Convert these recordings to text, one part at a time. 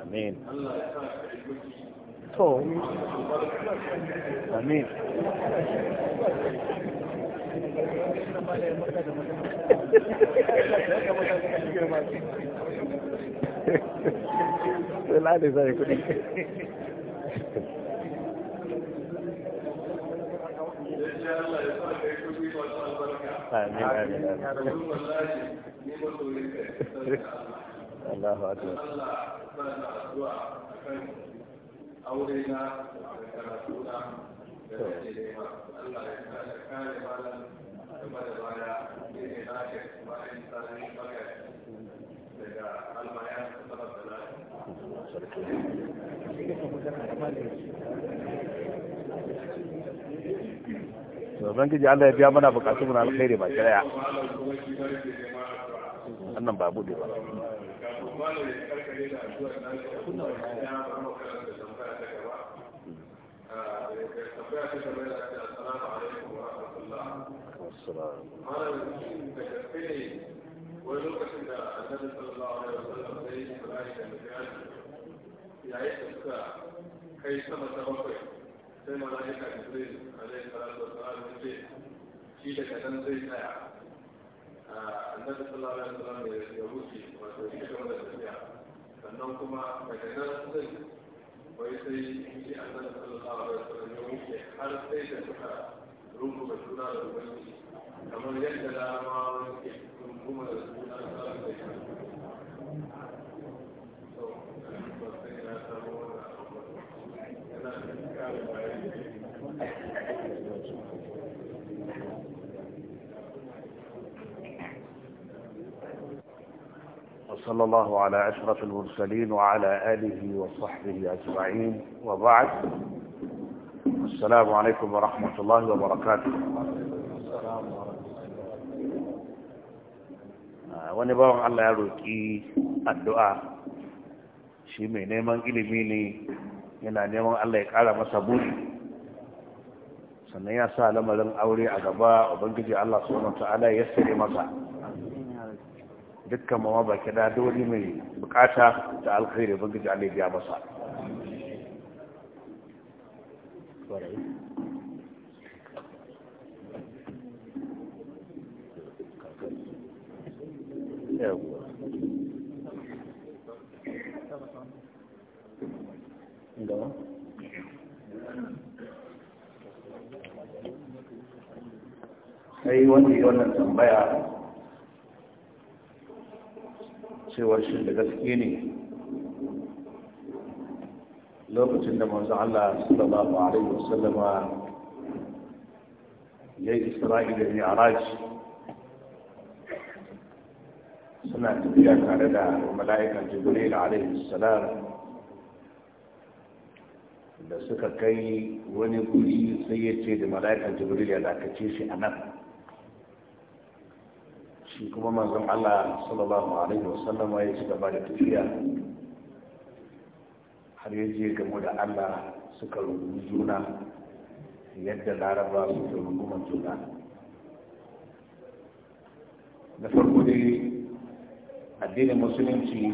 amin to amin zai kudi. Allah ya sa ka yi آمين آمين آمين الله أكبر أولينا وكرسونا الله يكاري مالا ثم دبايا إيه ناكس وإن صالح مكس لك المعيان صلى الله عليه وسلم ubangiji Allah ya biya mana bukatu mun alkhairi ba kiraya wannan ba bude ba kai sama sai a zai alaihi salatu wassalam ya ce shi daga nan zai tsaya annabi sallallahu alaihi wasallam ya wuce wato shi gaba da tafiya sannan kuma daga nan zai wai sai shi annabi sallallahu alaihi wasallam ya wuce har sai da suka rubuta suna da ubangiji kamar yadda larabawa suke rubuta suna da ubangiji صلى الله على عشرة المرسلين وعلى آله وصحبه أجمعين وبعد السلام عليكم ورحمة الله وبركاته ونبغى على ركي الدعاء شيمي نيما إلميني ina neman Allah ya ƙara masa buri sannan ya sa lamarin aure a gaba ubangiji Allah subhanahu wa dukkan mawa ba kida dole mai bukata da alkhairi ban gaji alaihi ya masa sai wanda yi wannan tambaya cewar shi da gaske ne lokacin da manzo Allah sallallahu alaihi wasallama ya yi Isra'ila da Mi'raj suna tafiya tare da mala'ikan Jibril alaihi salam da suka kai wani guri sai ya ce da mala'ikan Jibril ya dakace shi a nan shi kuma manzon Allah sallallahu alaihi wasallam ya ci gaba da tafiya har ya je gamu da Allah suka rungu juna yadda laraba suka rungu juna da farko dai addinin musulunci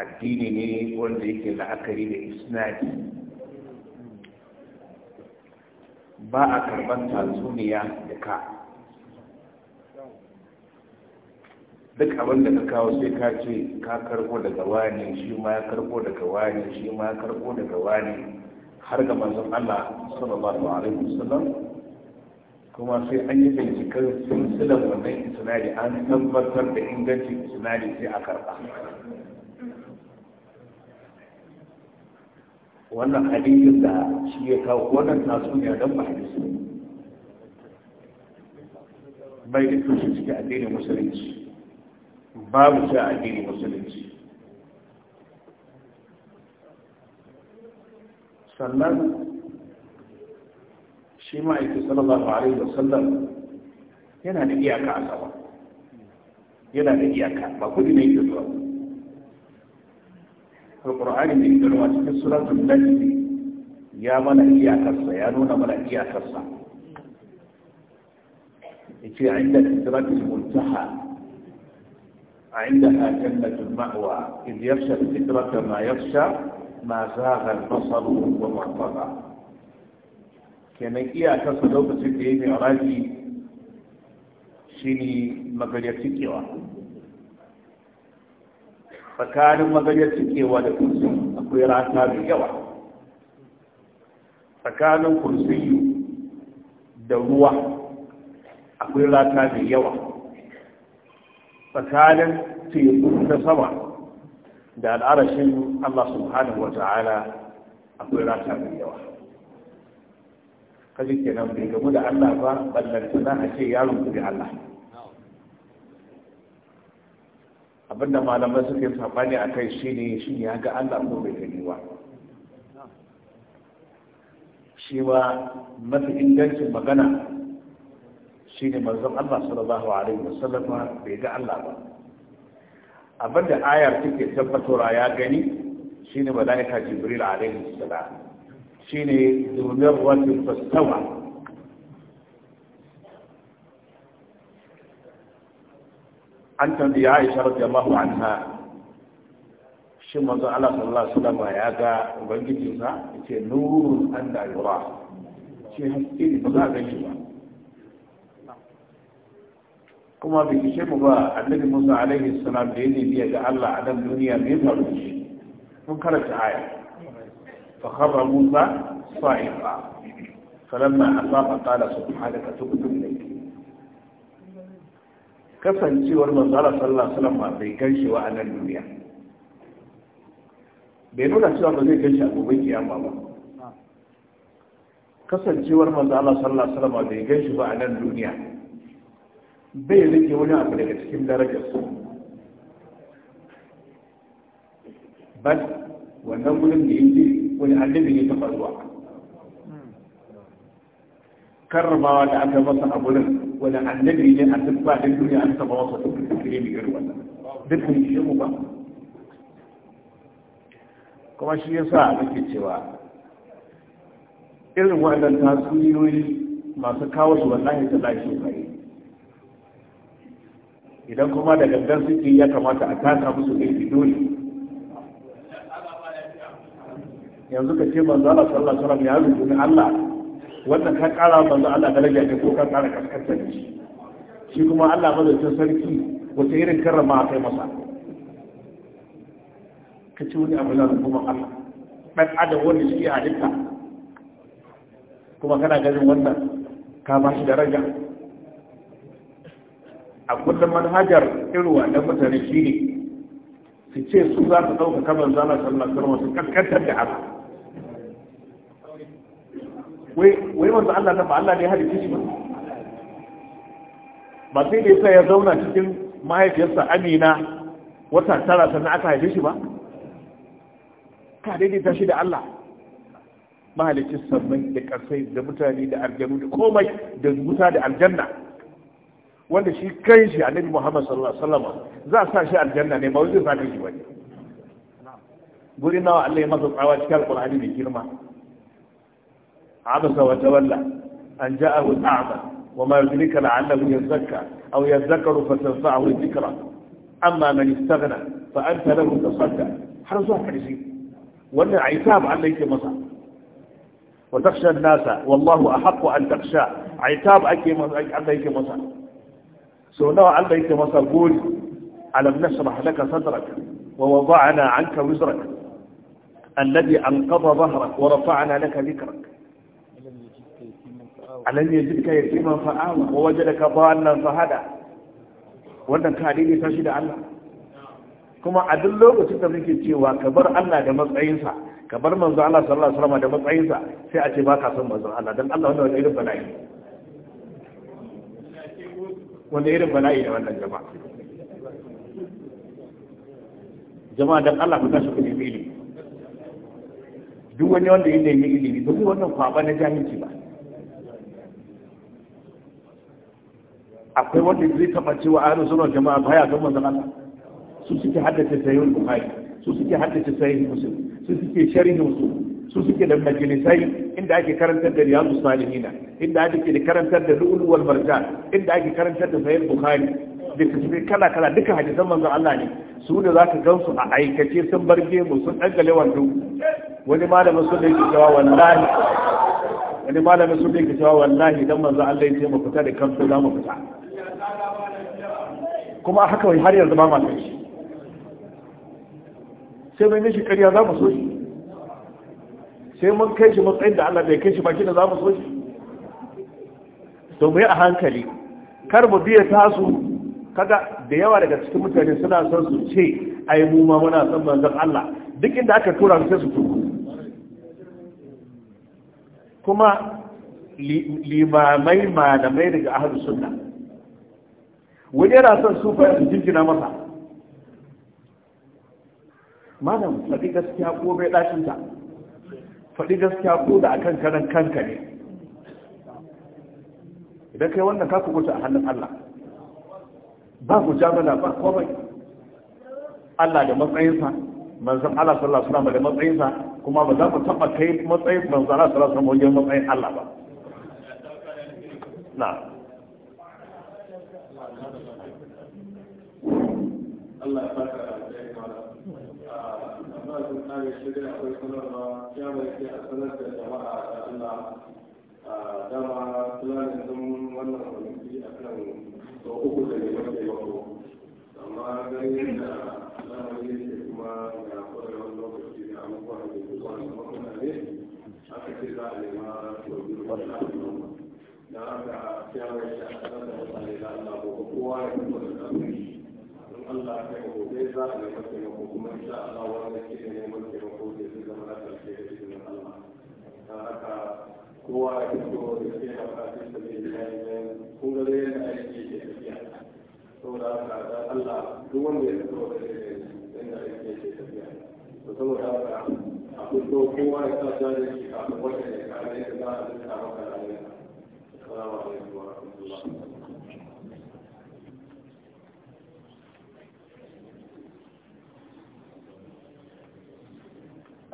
addini ne wanda yake la'akari da isnadi ba a karban tatsuniya da ka duk abin da ka kawo sai ka ce ka karko daga wani shi ma ya karko daga wani shi ma ya karko daga wani har ga manzon Allah sallallahu alaihi wasallam kuma sai an yi binciken silsilar wannan isnadi an tabbatar da ingancin isnadi sai a karba wannan hadisin da shi ya kawo wannan tasuniya don ba hadisi bai da tushe cikin addinin musulunci babu shi a addinin musulunci sannan shi ma'aikin sallallahu alaihi wasallam yana da iyaka a sama yana da iyaka ba kudi ne ke zuwa alƙur'ani mai girma cikin suratul najmi ya mana iyakarsa ya nuna mana iyakarsa Ya ce yace inda sidratul muntaha عندها جنة المأوى إذ يخشى الفكرة ما يخشى ما زاغ البصر وما طغى kenan iyakarsa lokacin da ya yi miraji shi ne magariyar cikewa tsakanin magariyar cikewa da kursi akwai rata mai yawa tsakanin da ruwa akwai rata mai yawa tsakanin teku na sama da al'arashin Allah subhanahu wa ta'ala akwai rata mai yawa kaji kenan bai gamu da Allah ba ballantana a ce yaron ku da Allah abinda malamai suka yi sabani a kai shi ne shi ya ga Allah ko bai gani ba shi ma mafi ingancin magana shi ne manzon Allah sallallahu alaihi Sallama bai ga Allah ba abinda ayar take tabbatarwa ya gani ne malaika jibril alaihi salam ne dunar wani fastawa an tambayi Aisha radiyallahu anha shin manzon Allah sallallahu alaihi wasallam ya ga ubangijinsa yace nurun an da yura shi haske ne ba za a gani ba kuma bai ishe mu ba annabi musa alaihi salam da ya nemi ya ga allah a nan duniya mai faru da shi mun karanta aya fa khaba musa sa'iqa falamma asafa qala subhanaka tubtu ilayk kasancewar manzara sallallahu alaihi wasallam bai ganshi wa a nan duniya bai nuna cewa ba zai ganshi a gobe kiyama ba kasancewar manzara sallallahu alaihi wasallam bai ganshi ba a nan duniya bai rike wani abu daga cikin darajar su bas wannan gudun da yake wani annabi ne ta faruwa karramawa da aka masa a gurin wani annabi ne a duk ba da duniya an taba wasa duk da kire mai irin wannan duk ne shi ba kuma shi yasa nake cewa irin waɗannan tasiriyoyi masu kawo su wallahi ta lafiya idan kuma da gangan suke ya kamata a kasa musu laifi dole yanzu ka ce manzo Allah sallallahu alaihi wasallam ya rubuta Allah wannan ka kara manzo Allah daraja ne ko ka kara kaskanta ne shi kuma Allah madaukakin sarki wata irin karrama kai masa ka ci wani abu na kuma Allah Ɗan adam wanda shi halitta kuma kana ganin wannan ka ba shi daraja a kullum manhajar irin wannan mutane shi ne su ce su za su ɗauka kamar zana sallar sarwa su kaskantar da haka wai wanzu Allah na ba Allah ne hadi shi ba ba sai da yasa ya zauna cikin mahaifiyarsa amina wata tara sannan aka haife shi ba ka ta shi da Allah mahalicin sannan da ƙasai da mutane da aljanu da komai da wuta da aljanna wanda shi kai shi annabi Muhammad sallallahu alaihi wasallam za a sa shi aljanna ne ba wai zai shi bane guri nawa Allah ya masa tsawa cikin alqur'ani mai girma abasa wa tawalla an ja'ahu al'ama wa ma yudrika la'allahu yazakka aw yadhakkaru fatanfa'ahu dhikra amma man istaghna fa anta lahu tasadda har zuwa karshe wannan aisab Allah yake masa wa takhsha nasa wallahu ahaqqu an takhsha aitab ake masa Allah yake masa so nawa Allah yake masa gori alam nashrah laka sadrak wa wada'na 'anka wizrak alladhi anqadha dhahrak wa rafa'na laka dhikrak alam yajidka yatiman fa'awa wa wajadaka dhallan fahada wannan kadiri ta shi da Allah kuma a duk lokacin da muke cewa ka bar Allah da matsayinsa ka bar manzo Allah sallallahu alaihi wasallam da matsayinsa sai a ce ba baka son manzo Allah dan Allah wannan wani irin bala'i wanda irin bala'i da wannan jama'a jama'a dan Allah ku tashi kudi nemi ilimi duk wani wanda ya neman ilimi duk wannan kwaba na jahilci ba akwai wanda zai taba cewa ahlus sunna jama'a baya ga manzon Allah su suke haddace sahih bukhari su suke haddace sahih muslim su suke sharhi muslim su suke da majalisai inda ake karantar da riyadu salihina inda ake da karantar da lu'ul wal marjan inda ake karantar da sahih bukhari da kasance kala kala duka hadisan manzon Allah ne su da zaka gansu a aikace sun barge mu sun dangale wando wani malamin sun da yake cewa wallahi wani malamin sun da yake cewa wallahi dan manzon Allah ya ce mu fita da kansu za mu fita kuma haka har yanzu ba ma sai mai mishi ƙarya za mu so shi sai mun kai shi matsayin da Allah bai kai shi baki da za mu so shi to mu yi a hankali kar mu biya tasu kaga da yawa daga cikin mutane suna son su ce ai mu ma muna son manzon Allah duk inda aka tura su sai su tuku kuma limamai malamai daga ahlu sunna wani yana son su fa su jinjina masa malam sadi gaskiya ko bai faɗi gaskiya ko da akan karan kanka ne idan kai wannan ka kubuta a hannun Allah ba ku jamala ba komai Allah da matsayinsa manzon Allah sallallahu alaihi wasallam da matsayinsa kuma ba za mu taba kai matsayin manzon Allah sallallahu alaihi wasallam wajen matsayin Allah ba na Allah ya ya shirya akwai sanarwa ya bai sai a sanar da jama'a da Allah a dama planin da wannan kwamiti a kan sau uku da ne mafi mako amma ganin da lamarin yake kuma ga kwarewar lokaci da abubuwa da ke zuwa da mutane aka ce za a nema sau biyu wani da aka kyawar shi a sanar da mutane da Allah ko kowa ya kuma da Allah gobe za a neman taimako kuma insha Allah wanda ke neman taimako da zama na karshe da Allah ta haka kowa ya fito da ke da da yi yana aiki ke tafiya saboda haka Allah duk wanda ya fito da yana aiki ke to saboda haka a fito kowa ya sa jari kafin wata kare da za a zai kama kare. Assalamu alaikum wa rahmatullahi wa barakatuh.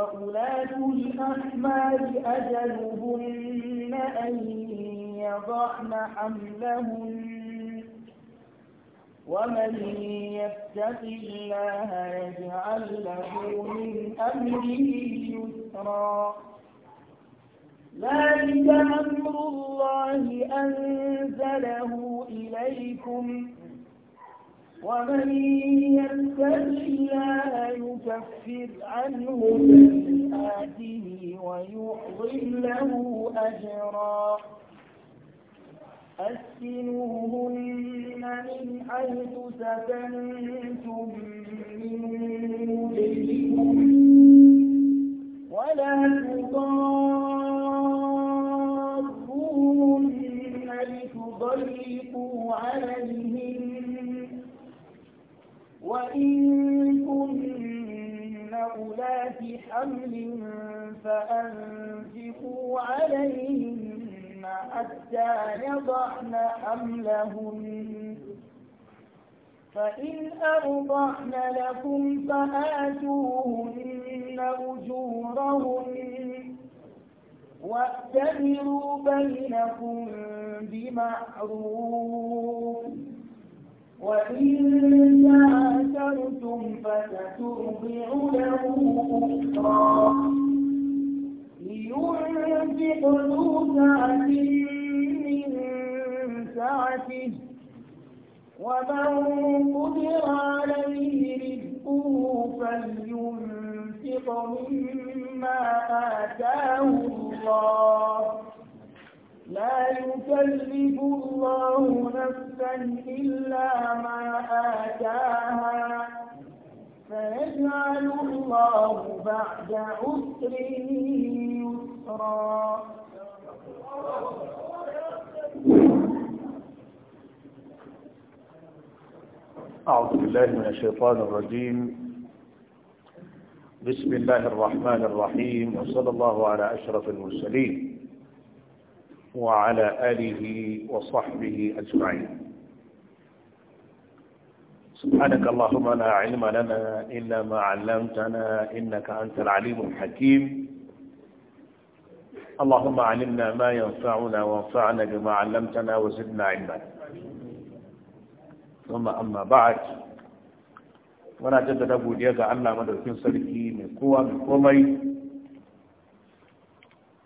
وأولاة الأحمال أجلهن أن يضعن حملهن ومن يتق الله يجعل له من أمره يسرا ذلك أمر الله أنزله إليكم ومن يتق الله يكفر عنه سيئاته ويعظم له أجرا أسكنوهن من حيث سكنتم من وجهكم ولا تضاروهن لتضيقوا عليهن وإن كن أولات حمل فأنفقوا عليهم حتى يضعن حملهم فإن أرضعن لكم فآتوهن أجورهم واعتبروا بينكم بمعروف فترضع له أخرى لينفق ذو من سعته ومن قدر عليه رزقه فلينفق مما آتاه الله لا يكلف الله نفسا إلا ما آتاها فيجعل الله بعد عسر يسرا أعوذ بالله من الشيطان الرجيم بسم الله الرحمن الرحيم وصلى الله على أشرف المرسلين وعلى آله وصحبه أجمعين سبحانك اللهم لا علم لنا إلا ما علمتنا إنك أنت العليم الحكيم اللهم علمنا ما ينفعنا وانفعنا بما علمتنا وزدنا علما ثم أما بعد وانا جد نبو ليجا عنا مدرسين سلكي من قوى من قومي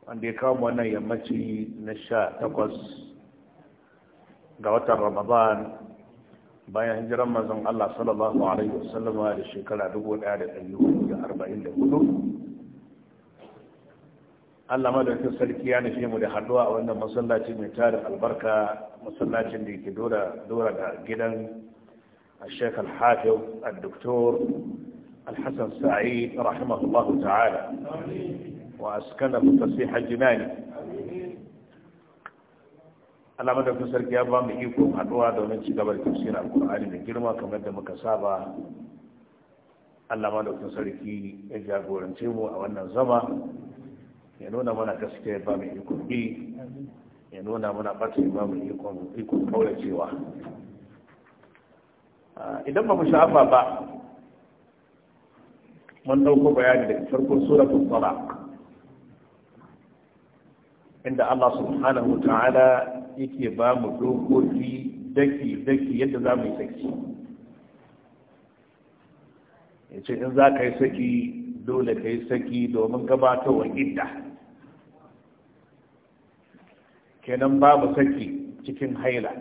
وان دي كام وانا يمتي نشاء تقص قوة رمضان bayan hijiran manzon Allah sallallahu alaihi wasallam da shekara 1444 Allah madaukakin sarki ya nufi mu da haduwa a wannan masallaci mai tarin albarka masallacin da yake dora dora da gidan Sheikh Al-Hafiz الشيخ الحافظ الدكتور الحسن سعيد رحمه الله wa askana تسبيح الجناني Allah kun sarki ya ba mu ikon haɗuwa da ci cigaba da tafsirin alkur'ani da girma kamar da muka saba Allah kun sarki ya jagorance mu a wannan zama ya nuna mana gaskiya ba mu ikon bi ya nuna mana ɓata ba mu ikon ikon kauracewa ah, idan ba mu shafa ba mun ɗauko bayani daga farkon suratul talaq inda Allah subhanahu ta'ala yake ba mu dokoki daki daki yadda za mu yi saki ya ce in za ka yi saki dole ka yi saki domin gabatarwar idda kenan babu saki cikin haila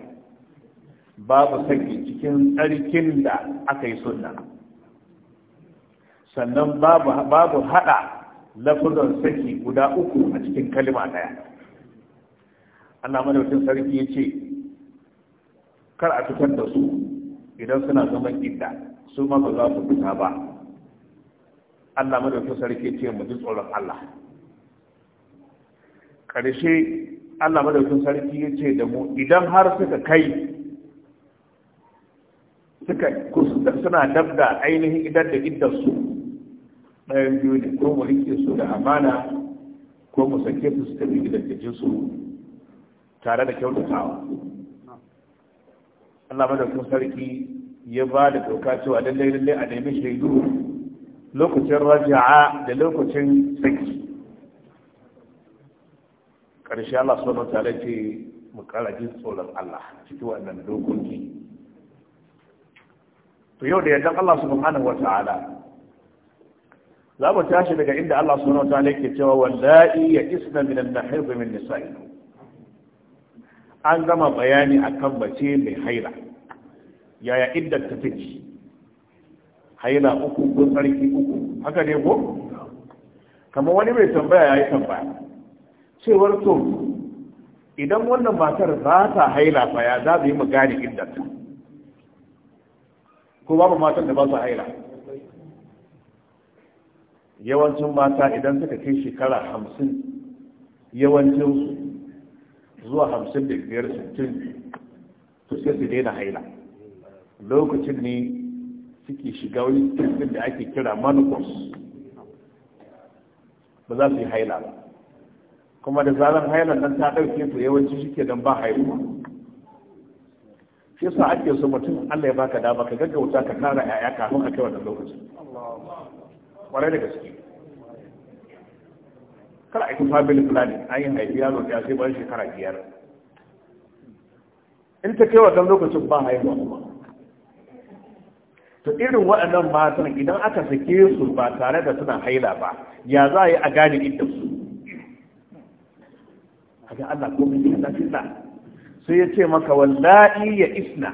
babu saki cikin tsarkin da aka yi sunna sannan babu haɗa lafazan saki guda uku a cikin kalima ɗaya. Allah madaukin sarki ya ce kar a fitar da su idan suna zaman idda su ma ba za su fita ba Allah madaukin sarki ya ce mu ji tsoron Allah ƙarshe Allah madaukin sarki ya ce da mu idan har suka kai suka suna dab da ainihin idan da su, ɗayan biyu ne ko mu rike su da amana ko mu sake su su tafi jinsu tare da kyautatawa Allah madaukin sarki ya ba da doka cewa lallai lallai a nemi shaidu lokacin raja'a da lokacin saki ƙarshe Allah subhanahu wa ce mu kara jin tsoron Allah cikin wannan dokoki to yau da yardan Allah subhanahu wa ta'ala za mu tashi daga inda Allah subhanahu wa ke yake cewa wallahi ya isna min al-mahid min nisa'ikum an gama bayani akan mace mai haila yaya iddar ta take haila uku ko tsarki uku haka ne ko kamar wani mai tambaya ya yi tambaya cewar to idan wannan matar za ta haila fa ya za yi mu gane iddar ta ko babu matan da ba su haila yawancin mata idan suka kai shekara hamsin yawancinsu zuwa hamsin da biyar sittin to sai su daina haila lokacin ne suke shiga wani sittin da ake kira manukos ba za su yi haila ba kuma da zarar hailan nan ta ɗauke su yawanci shi ke don ba haihuwa shi sa ake so mutum Allah ya baka dama ka gaggauta ka tara 'ya'ya kafin a kai wannan lokacin kwarai da gaske Kala a yi family planning an yi haifi yaro ya sai bayan shekara biyar in ta kai wannan lokacin ba haihuwa kuma to irin waɗannan matan idan aka sake su ba tare da suna haila ba ya za a yi a gane inda su haka Allah ko mai kada fitna sai ya ce maka wallahi ya isna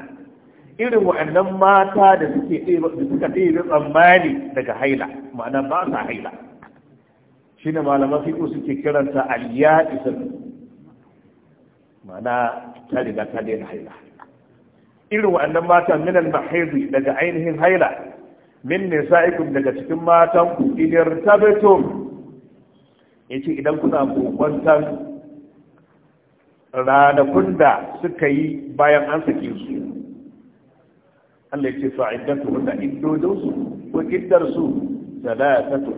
irin waɗannan mata da suke da suka tsammani daga haila ma'ana ba sa haila shi ne malaman fiƙo suke kiranta aliyya isar mana ta riga ta daina haila irin wa'annan mata minan mahaizu daga ainihin haila min nisa'ikum daga cikin matan ku idan Ya yace idan kuna kokwantan ranakun da suka yi bayan an sake su Allah ya ce fa'iddatu hunna su ko kiddar su ta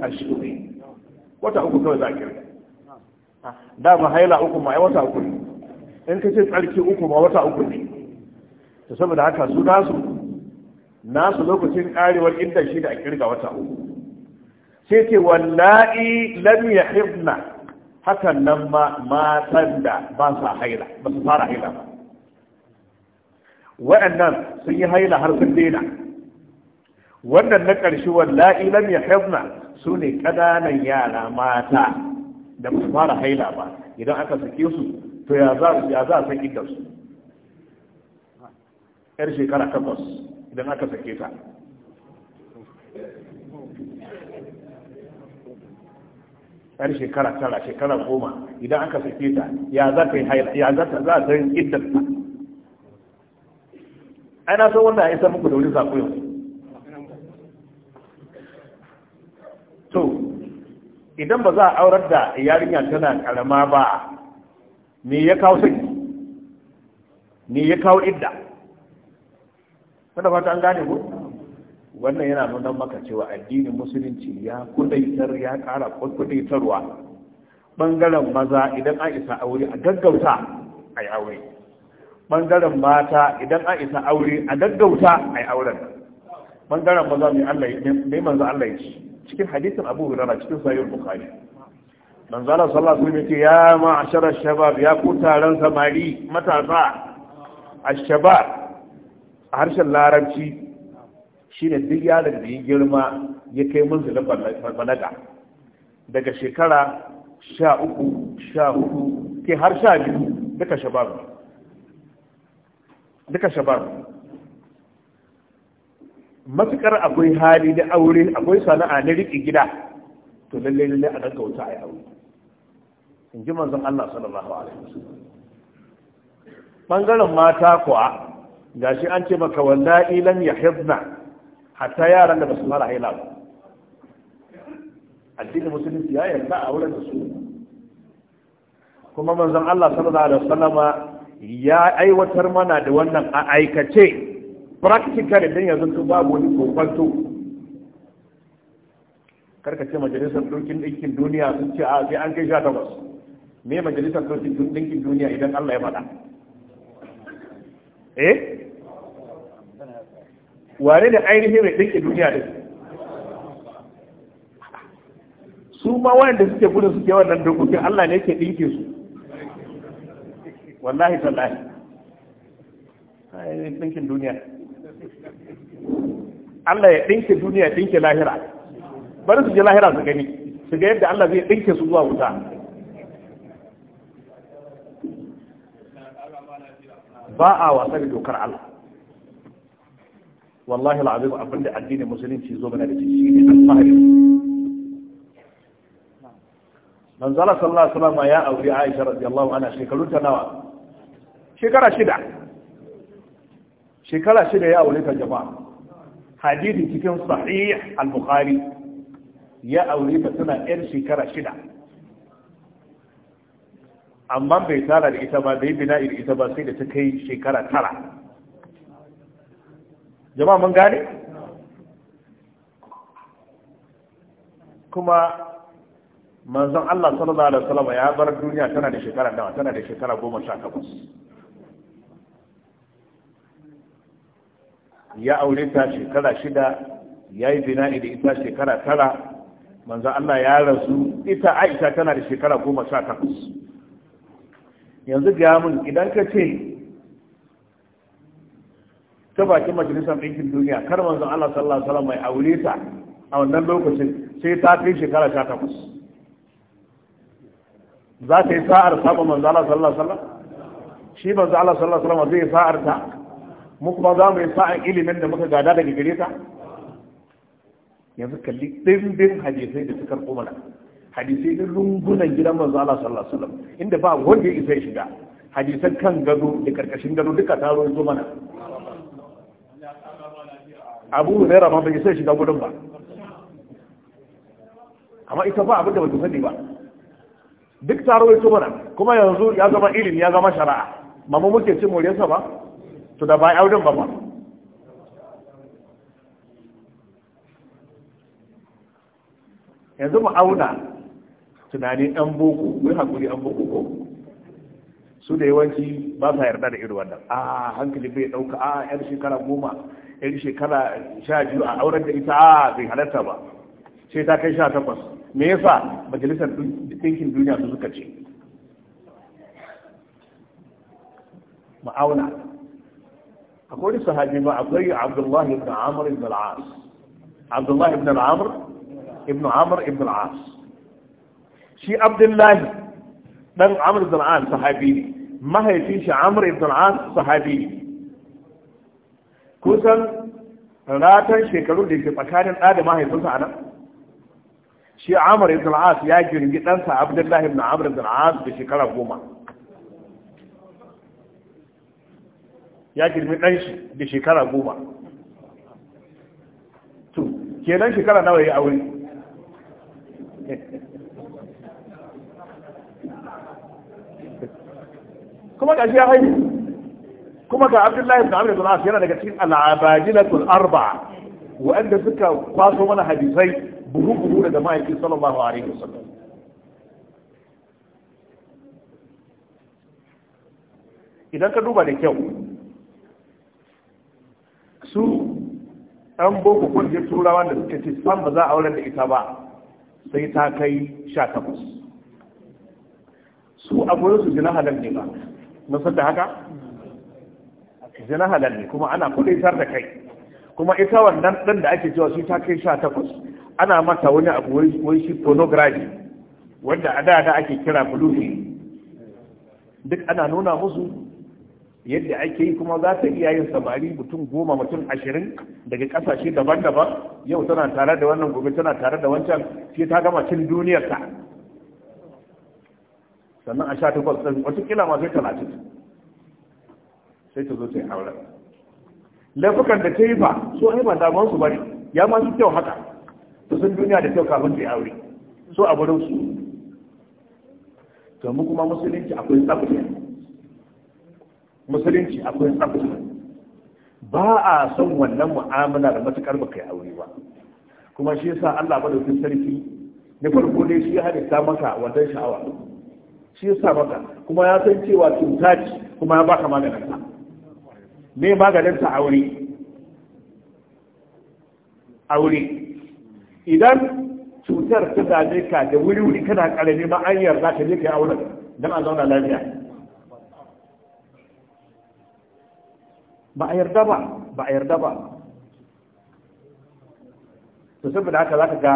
ashhuri wata uku kawai za a kirga dama haila uku ma wata uku ne in ka ce tsarki uku ma wata uku ne to saboda haka su nasu nasu lokacin karewar inda shi da a kirga wata uku sai ce wallahi lam yahibna hakan nan ma matan da ba sa haila ba su fara haila ba waɗannan sun yi haila har sun daina wannan na ƙarshe wallahi lam yahibna su ne ƙananan yara mata da ba su fara haila ba idan aka suke su to ya za a saki da su yar shekara takwas idan aka sake ta yar shekara tara shekara goma idan aka sake ta ya za ta yi haila ya za ta za a san iddarta ana san wannan ya san muku da wani sako yanzu to idan ba za a aurar da yarinya tana karama ba me ya kawo saki me ya kawo idda kada fata an gane ko wannan yana nuna maka cewa addinin musulunci ya kudaitar ya kara kudaitarwa bangaren maza idan an isa aure a gaggauta a yi aure bangaren mata idan an isa aure a gaggauta a yi auren bangaren maza mai Allah ya cikin hadisin abu hurara cikin sayyid bukhari manzala sallallahu alaihi wasallam ya ma'ashara shabab ya ku taron samari matasa ash-shabab a harshen larabci shine duk yaron da ya girma ya kai manzilin balaga daga shekara sha uku sha hudu ke har sha biyu duka shabab duka shabab matukar akwai hali da aure akwai sana'a na riƙe gida to lallai lallai a ɗan gauta a yi aure in ji manzon Allah sallallahu alaihi wasallam bangaren mata kuwa gashi an ce maka wallahi lam hibna, hatta yaran da basu fara haila ba Addini musulunci ya yarda a wurin da su kuma manzon Allah sallallahu alaihi wasallam ya aiwatar mana da wannan a aikace practically din yanzu su babu wani kokwanto karka ce majalisar dokin ɗinkin duniya sun ce a sai an kai sha takwas me majalisar dokin ɗinkin duniya idan Allah ya faɗa eh ware da ainihin mai ɗinkin duniya din su ma wanda suke gudun suke wannan dokokin Allah ne ke ɗinke su wallahi tallahi ɗinkin duniya Allah ya ɗinke duniya ya ɗinke lahira bari su je lahira su gani su ga yadda Allah zai ɗinke su zuwa wuta ba a wasa da dokar Allah wallahi al'azim abinda addinin musulunci zo mana da shi shine alfahari manzala sallallahu alaihi wasallam ya auri Aisha radiyallahu anha shekaru ta nawa shekara shida shekara shida ya aure ta jama'a hadisi cikin sahih al-bukhari ya aure ta tana yar shekara shida amma bai tara da ita ba bai bina da ita ba sai da ta kai shekara tara jama'a mun gane kuma manzon Allah sallallahu alaihi wasallam ya bar duniya tana da shekara dawa, tana da shekara goma sha takwas ya aure ta shekara shida ya yi zina'i da ita shekara tara manzo Allah ya rasu ita Aisha tana da shekara goma sha takwas yanzu ga mun idan ka ce ta bakin majalisar ɗinkin duniya kar manzo Allah sallallahu alaihi wasallam mai aure ta a wannan lokacin sai ta kai shekara sha takwas za ta yi sa'ar saba manzo Allah sallallahu alaihi wasallam shi manzo Allah sallallahu alaihi wasallam zai sa'ar ta mu kuma za mu yi sa'an ilimin da muka gada daga gare ta yanzu kalli ɗimbin hadisai da suka umara hadisai da rungunan gidan manzo Allah sallallahu alaihi wasallam inda ba wanda ya isa shiga hadisan kan gado da karkashin gado duka taro zo mana Abu Hurairah ma bai isa shiga gudun ba amma ita ba abin da bata sani ba duk taro ya mana kuma yanzu ya zama ilimi ya zama shari'a ba muke cin moriyarsa ba to da ba auren ba ba yanzu mu auna tunanin ɗan boko mai hakuri ɗan boko ko su da yawanci ba sa yarda da irin wannan a hankali bai ɗauka a yan shekara goma yan shekara sha biyu a auren da ita a bai halarta ba sai ta kai sha takwas me yasa majalisar ɗinkin duniya su suka ce ma'auna أقول صحابي معطي عبد الله بن عمر بن العاص عبد الله بن عمر بن عمر بن العاص شي عبد الله بن عمر بن العاص صحابي ما هي فيش شي عمر بن العاص صحابي كوسن راتن شكلو دي في مكان آدم ما هي فلسة أنا شي عمر بن العاص يا جن جدا عبد الله بن عمر بن العاص بشكل أبوما ya girmi ɗan shi da shekara goma to kenan shekara nawa ya aure kuma ga shi ya haihu kuma ga abdullahi da abdullahi ibn yana daga cikin al'abadilatul arba wa'anda suka kwaso mana hadisai buhu buhu daga ma'aikin sallallahu alaihi wasallam idan ka duba da kyau su ɗan boko kwanje turawa da suka ce san ba za a wurin da ita ba sai ta kai sha takwas su a gurin su jina halar ne ba mun da haka jina halar ne kuma ana kudaitar da kai kuma ita wannan ɗan da ake cewa su ta kai sha takwas ana mata wani abu wani shi pornography wanda a da da ake kira bluefin duk ana nuna musu yadda ake yi kuma za ta iya yin samari mutum goma mutum ashirin daga kasashe daban-daban yau tana tare da wannan gobe tana tare da wancan sai ta gama cin duniyarta sannan a sha ta takwas ɗin watakila ma sai talatin sai ta zo ta yi auren laifukan da ta yi ba so ai ba daman su bari ya ma su kyau haka su sun duniya da kyau kafin ta yi aure so a barin su to mu kuma musulunci akwai tsabta musulunci akwai tsabta ba a son wannan mu'amala da matukar ba kai aure ba kuma shi yasa Allah madaukin sarki na farko dai shi ya ta maka wannan sha'awa shi yasa maka kuma ya san cewa cuta ce kuma ya baka maganin ta me maganin ta aure aure idan cutar ta dame ka da wuri wuri kana karami ma an yarda ka je ka yi auren dan a zauna lafiya ba a yarda ba ba a yarda ba to saboda haka zaka ga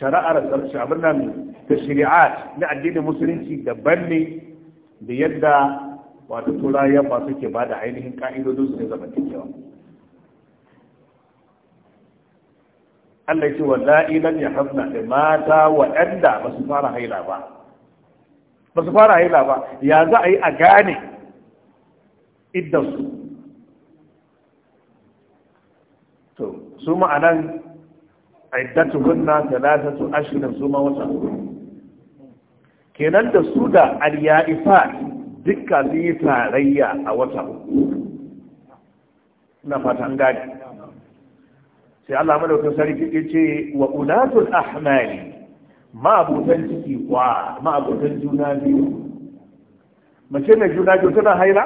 shari'ar abin nan ta shari'at na addinin musulunci daban ne da yadda wato tura ba suke ba da ainihin ka'idodin su ne zamantakewa Allah ce wa la'ilan ya hafna da mata waɗanda ba su fara haila ba ba su fara haila ba ya za a yi a gane iddansu to su ma'anan iddatu hunna talatatu ashirin su ma wata kenan da su da alya'ifa dukka su yi tarayya a wata na fatan gadi sai Allah madaukakin sarki ya ce wa ulatul ahmali ma abutan ciki kwa ma abutan juna biyu mace mai juna biyu tana haila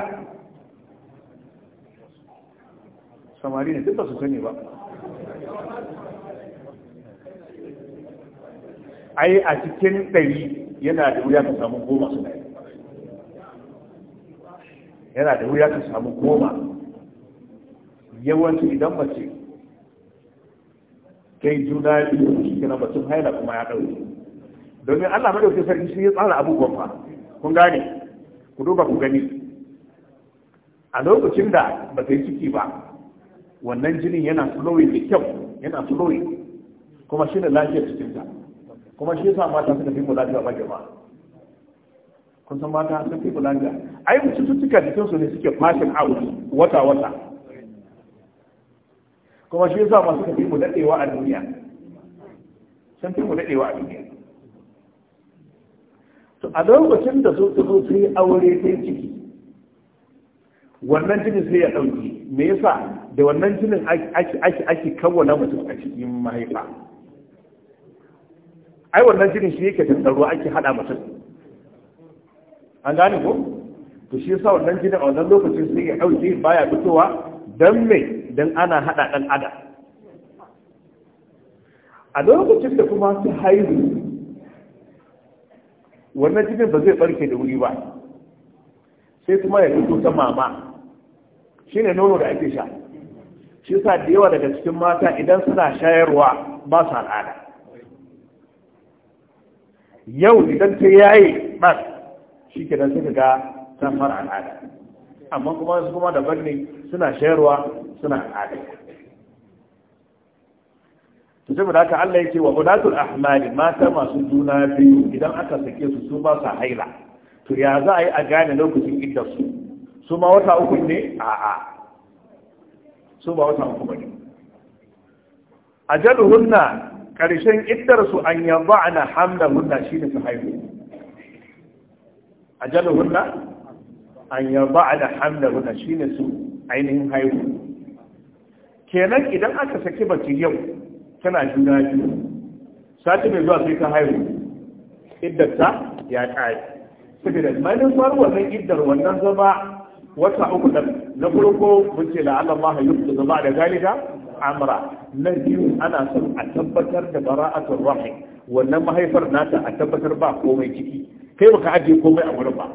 samari ne duk ba su sani ba ai a cikin ɗari yana da wuya ka samu goma suna yana da wuya ka samu goma yawanci idan mace kai juna biyu shi kina batun haila kuma ya ɗauke domin allah madaukin sarki shi ya tsara abubuwan fa kun gane ku duba ku gani a lokacin da ba ta yi ciki ba wannan jinin yana flowing da kyau yana flowing kuma shi ne lafiyar cikinta kuma shi yasa mata suka fi mu a ba kun san mata sun fi mu lafiya ai mu cututtuka jikin su ne suke fashin out wata wata kuma shi yasa ma suka fi mu dadewa a duniya sun fi mu dadewa a duniya to a lokacin da su ta zo sai aure sai ciki wannan jinin sai ya ɗauki me yasa da wannan jinin ake kawwana mutum a cikin mahaifa ai wannan jinin shi yake tattaro ake hada mutum an gane ko to shi yasa wannan jinin a wannan lokacin sai ya dauke baya fitowa dan me dan ana hada dan ada a lokacin da kuma su haihu wannan jinin ba zai barke da wuri ba sai kuma ya fito ta mama shine nono da ake sha shi sa da yawa daga cikin mata idan suna shayarwa ba su al'ada yau idan ta yaye ɗan shi ke nan suka ga ta fara al'ada amma kuma su kuma da ne suna shayarwa suna al'ada to ce haka Allah ce wa udatul ahmali mata masu juna biyu idan aka sake su su ba su haila to ya za a yi a gane lokacin iddar su su ma wata uku ne a'a su ba wata hukuma ne ajaluhunna karshen iddar su an yabana hamlahunna shine su haihu ajaluhunna an yabana hamlahunna shine su ainihin haihu kenan idan aka saki bacci yau tana juna biyu sati mai zuwa sai ta haihu iddarta ya kare saboda manufar wannan iddar wannan zama wata uku nan na farko mun ce la'alla Allah ya da zama da galida amra na biyu ana son a tabbatar da bara'atul rahim wannan mahaifar nata a tabbatar ba komai ciki kai baka ajiye komai a wurin ba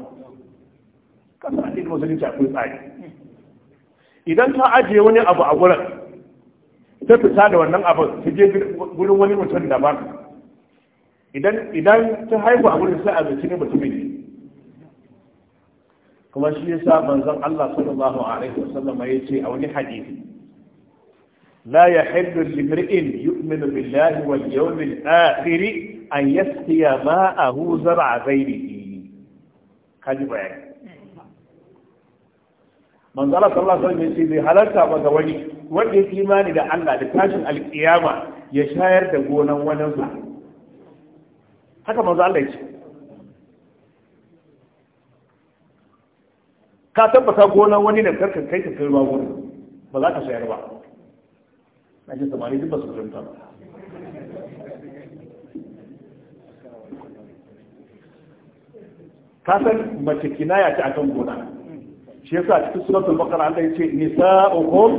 kasa addinin musulunci akwai tsari idan ka ajiye wani abu a wurin ta fita da wannan abu ta je gurin wani mutum daban idan idan ta haihu a wurin sai a zaci ne mutumin kuma shi yasa manzon Allah sallallahu alaihi wasallam ya ce a wani hadisi la yahillu limri'in yu'minu billahi wal yawmil akhir an yasqiya ma'ahu zar'a ghayrihi kaji bayani manzon Allah sallallahu alaihi wasallam ya ce bai halarta ba ga wani wanda yake imani da Allah da tashin alkiyama ya shayar da gonan waninsa haka manzon Allah ya ce ka tabbata gonar wani da karka kai ka kai ruwa wurin ba za ka sayar ba na ji samari duk ba su fahimta ba ka san mace kinaya ce akan gona shi yasa cikin suratul baqara Allah yace nisa'ukum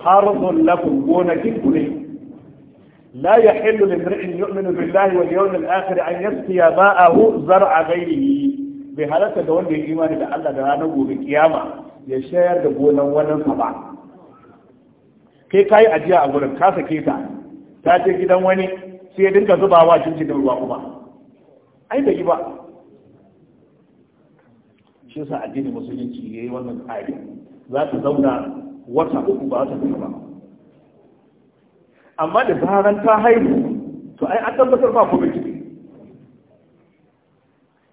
harzun lakum gonakin ku ne لا يحل لامرئ يؤمن بالله واليوم الآخر أن يسقي ماءه زرع غيره bai halarta da wanda ya imani da Allah da ranar gobe kiyama ya shayar da gonan sa ba kai kai ajiya a gurin ka sake ta ta je gidan wani sai ya dinka zuba wa cincin da ruwa kuma ai da ba shi yasa addini musulunci yayi wannan tsari za ta zauna wata uku ba ta ba amma da zaran ta haihu to ai an tabbatar ba komai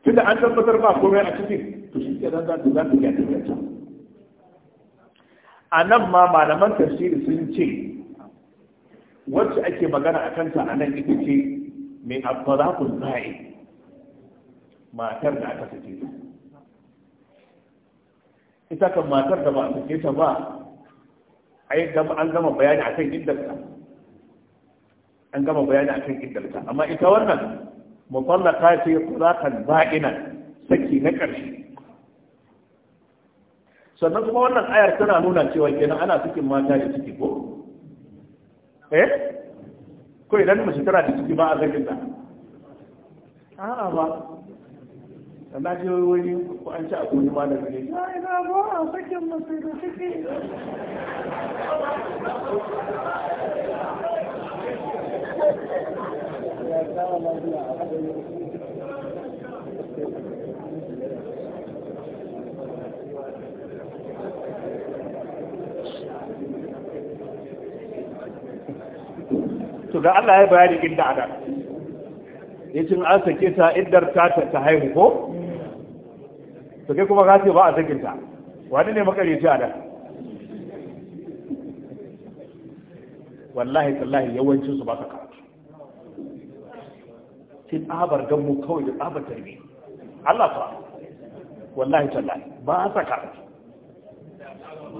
tunda an tabbatar ba komai a cikin to shi ke nan za ta za ta iya tafiya a nan ma malaman tafsiri sun ce wacce ake magana a kanta a nan ita ce mai abbarakun za'i matar da aka sake ta ita kan matar da ba a sake ta ba ai an gama bayani akan iddarta an gama bayani akan iddarta amma ita wannan mutallaka ce talaqan ba'ina saki na ƙarshe sannan kuma wannan ayar tana nuna cewa kenan ana cikin mata da ciki ko eh ko idan mace tana da ciki ba a zakin ta a'a ba na ji wani ko an ci abu ne malami ne ya ina ba a sakin mace da ciki to da Allah ya bayani inda ada yacin an sake ta iddar ta ta haihu ko to kai kuma ka ce ba a sakin ta wani ne makareci a nan wallahi tallahi yawancin su ba ka kawo sai tsabar gan mu kawai da tsabar tarbi Allah fa wallahi tallahi ba sa karatu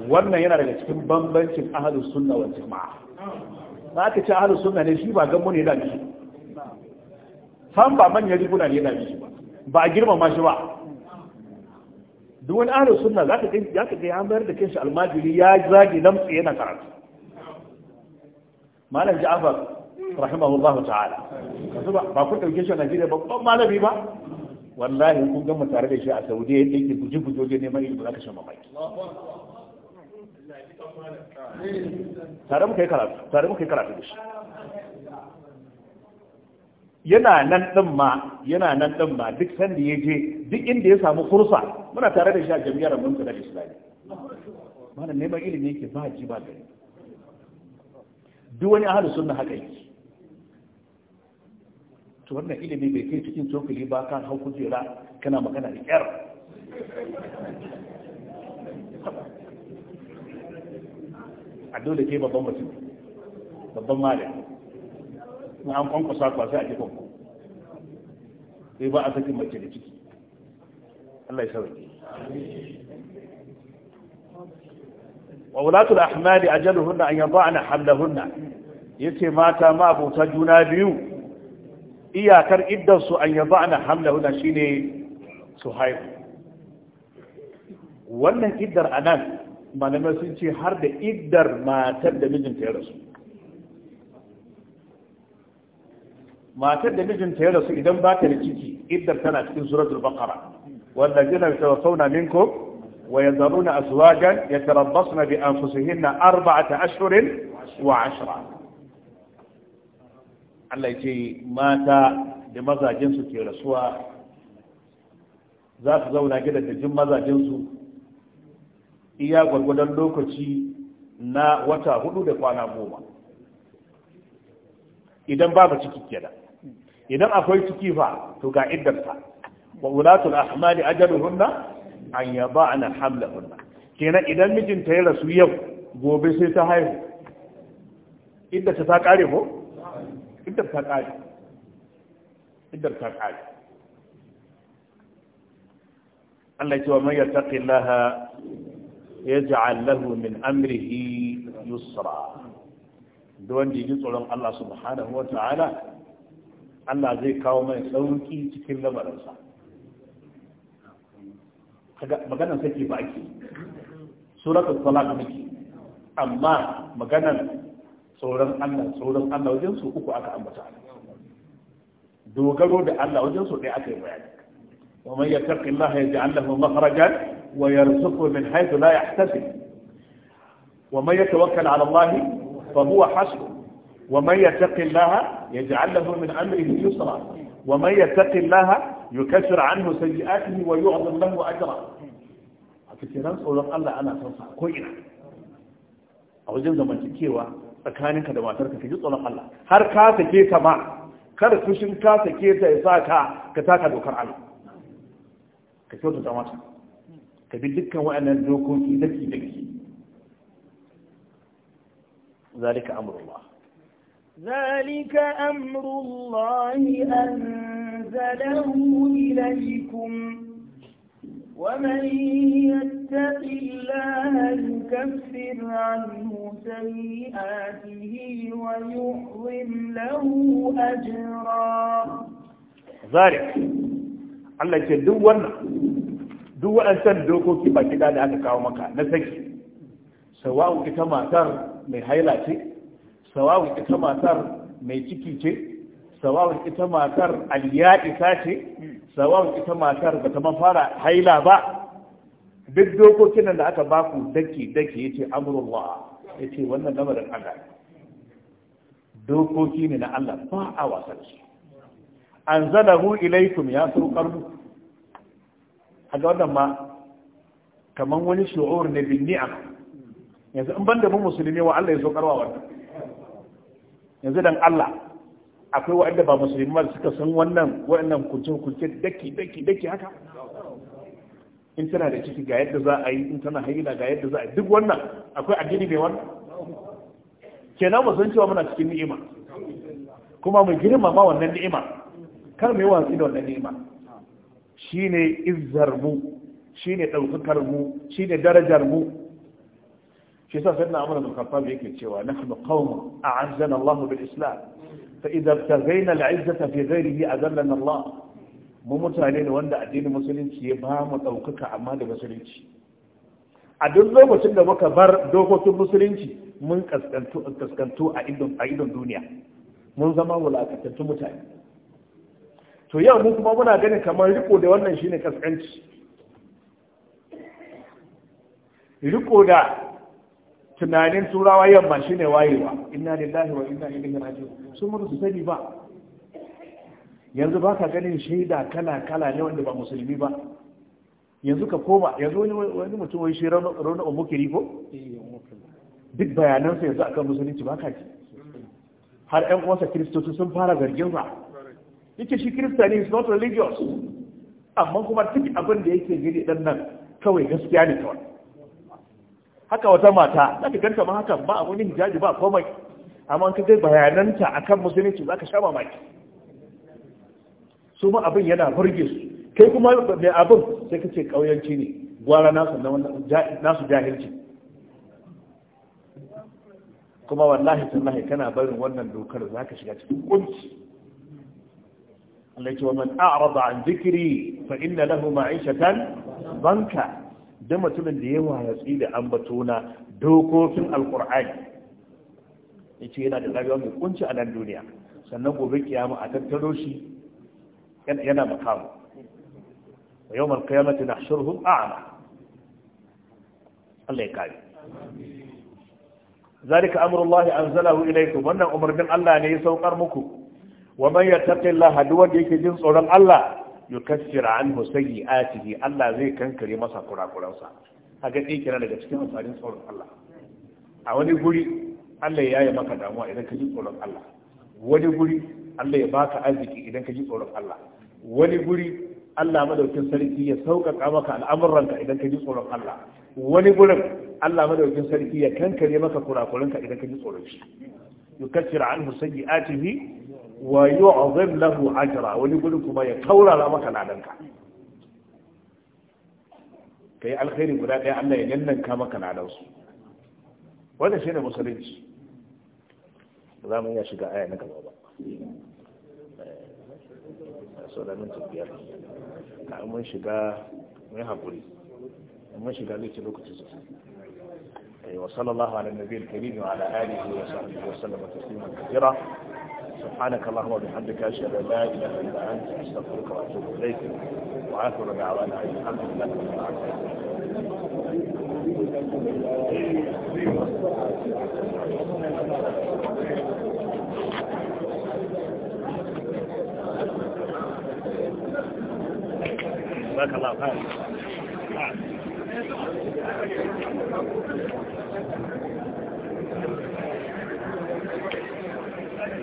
wannan yana daga cikin bambancin ahlus sunna wal jamaa za ka ce ahlus sunna ne shi ba gan mu ne da shi san ba manyan riguna ne da shi ba ba girmama shi ba duk wani ahlus sunna za ka ga ya ka ga ya mayar da kansa almajiri ya zagi lamtsi yana karatu malam ja'far Allah ta'ala kasu ba ku dauke shi a Najeriya ba ko malami ba wallahi kun gama tare da shi a Saudi ya yake guji gujoje neman ilimi zaka shan mamaki tare muka yi karatu tare muka yi karatu da shi yana nan din ma yana nan din ma duk sanda ya je duk inda ya samu fursa muna tare da shi a jami'ar mun da Islami mana neman ilimi yake ba ji ba gari duk wani ahalu sunna haka yake to wannan ilimi bai kai cikin cokali ba kan hau kujera kana magana da kyar a dole ke babban mutum babban malami na an kwankwasa kwasa a jikin ku sai ba a sakin mace da ciki Allah ya sauke wa wulatul ahmadi ajaluhunna an yadhana hamlahunna yace mata ma abota juna biyu iyakar iddansu an yaba ana hamla huna shine su haihu wannan iddar a nan malamai sun ce har da iddar matar da mijinta ya rasu matar da mijinta ya rasu idan ba ta da ciki iddar tana cikin suratul baqara wanda jina ta wasauna minkum wa yazaruna azwajan yatarabbasna bi arba'a ta ashirin wa ashra Allah ce mata da mazajensu ke rasuwa za su zauna gidan da jin mazajensu iya gwargwadon lokaci na wata hudu da kwana goma idan babu ciki kenan idan akwai ciki fa to ga iddarta wa ulatul ahmali ajaluhunna an yaba'na hamlahunna kenan idan mijinta ya rasu yau gobe sai ta haihu ta ta kare ko idar ta kaji idar ta kaji Allah ya ce wa man yattaqillaha yaj'al lahu min amrihi yusra duk wanda yake tsoron Allah subhanahu wa ta'ala Allah zai kawo mai sauki cikin lamarinsa maganar sake ba ake suratul talaq nake amma maganar tsoron Allah tsoron Allah wajen su uku aka ambata dogaro da Allah wajen su ɗaya aka yi bayani wa man yattaqi Allah yaj'al lahu makhrajan wa yarzuqhu min haythu la yahtasib wa man yatawakkal 'ala Allah fa huwa hasbuh wa man yattaqi Allah yaj'al lahu min amrihi yusra wa man yattaqi Allah yukaffir 'anhu sayyi'atihi wa yu'dhim lahu ajra a cikin tsoron Allah ana son sa ko ina a wajen zamantakewa tsakaninka da matarka ka ji tsoron Allah har ka sake ta ma kada kushin ka sake ta ya sa ka ka taka dokar Allah ka kyauta ta mata ka bi dukkan waɗannan dokoki daki daki zalika amrullah ذلك أمر الله أنزله إليكم ومن يتق الله يكفر عنه سيئاته ويعظم له أجرا ذلك Allah ce duk wannan duk dokoki ba gida da aka kawo maka na saki sawa'u ita matar mai haila ce sawa'u ita matar mai ciki ce sawawun ita matar aliya'isa ce sawawun ita matar ba ta mafara haila ba duk dokokin da aka baku daki daki yace amrullah yace wannan lamarin Allah dokoki ne na Allah ba a wasan shi anzalahu ilaikum ya saukar mu a ga wannan ma kaman wani shu'ur ne bin ni'am yanzu in banda mu musulmi wa Allah ya saukarwa wannan yanzu dan Allah akwai waɗanda ba musulmi ba suka san wannan waɗannan kunce-kunce daki daki daki haka in tana da ciki ga yadda za a yi in tana haila ga yadda za a yi duk wannan akwai addini mai wannan kenan mu san cewa muna cikin ni'ima kuma mu girma ma wannan ni'ima kar mu yi watsi da wannan ni'ima shine izzar mu shine daukakar mu shine darajar mu shi yasa sayyidina Umar bin Khattab yake cewa nahnu qaumun a'azzana Allahu bil Islam fa idan tagayna al'izzata fi ghairihi azallana Allah mu mutane ne wanda addinin musulunci ya ba mu ɗaukaka amma da musulunci a duk lokacin da muka bar dokokin musulunci mun kaskantu a idon duniya mun zama mutane to yau mu kuma muna ganin kamar riko da wannan shine kaskanci riko da tunanin turawa yamma shine wayewa inna lillahi wa inna ilaihi rajin sun mutu su sani ba yanzu ba ka ganin shaida kala kala ne wanda ba musulmi ba yanzu ka koma yanzu wani mutum wani shi rauna umukiri ko eh, duk bayanansa yanzu akan musulunci ba ka ji har ƴan kwasa kiristoci sun fara zargin sa yake shi kirista ne is not religious amma kuma duk abin da yake gini dan nan kawai gaskiya ne kawai haka wata mata za ka ganta ma hakan ba ne hijabi ba komai amma ka kai bayananta akan musulunci za ka sha mamaki su ma abin yana burge su kai kuma mai abin sai ka ce ƙauyanci ne gwara nasu jahilci kuma wallahi tallahi kana barin wannan dokar za ka shiga cikin kunci Allah ce wa man a'rada an zikri fa inna lahu ma'ishatan banka da mutumin da yawa ya da ambato na dokokin alkur'ani ce yana da rayuwa mai kunci a nan duniya sannan gobe kiyama a tattaro shi yana makamu wa yawmal qiyamati nahshuruhum a'ma Allah ya kare zalika amrullahi anzalahu ilaykum wannan umarnin Allah ne ya saukar muku wa man yattaqillaha duk wanda yake jin tsoron Allah yukaffir anhu sayyi'atihi Allah zai kankare masa kurakuransa haka dai kira daga cikin amfanin tsoron Allah a wani guri Allah ya yi maka damuwa idan ka ji tsoron Allah wani guri Allah ya baka arziki idan ka ji tsoron Allah wani guri Allah madaukin sarki ya sauƙaƙa maka al'amuranka idan ka ji tsoron Allah wani gurin Allah madaukin sarki ya kankare maka kurakuranka idan ka ji tsoron shi yukaffir anhu sayyi'atihi wa yu'zim lahu ajra wani gudun kuma ya taurara maka nadanka kai alkhairi guda ɗaya Allah ya nannanka maka ladansu wannan shine musulunci za mu iya shiga aya na gaba ba eh, so da mun tafiya ka mun shiga mun hakuri mun shiga zai ci lokaci sosai وصلى الله على النبي الكريم وعلى آله وصحبه وسلم تسليما كثيرا سبحانك اللهم وبحمدك أشهد أن لا إله إلا أنت أستغفرك وأتوب إليك وآخر دعوانا أن الحمد لله رب العالمين جزاك الله خير Thank نعم. you.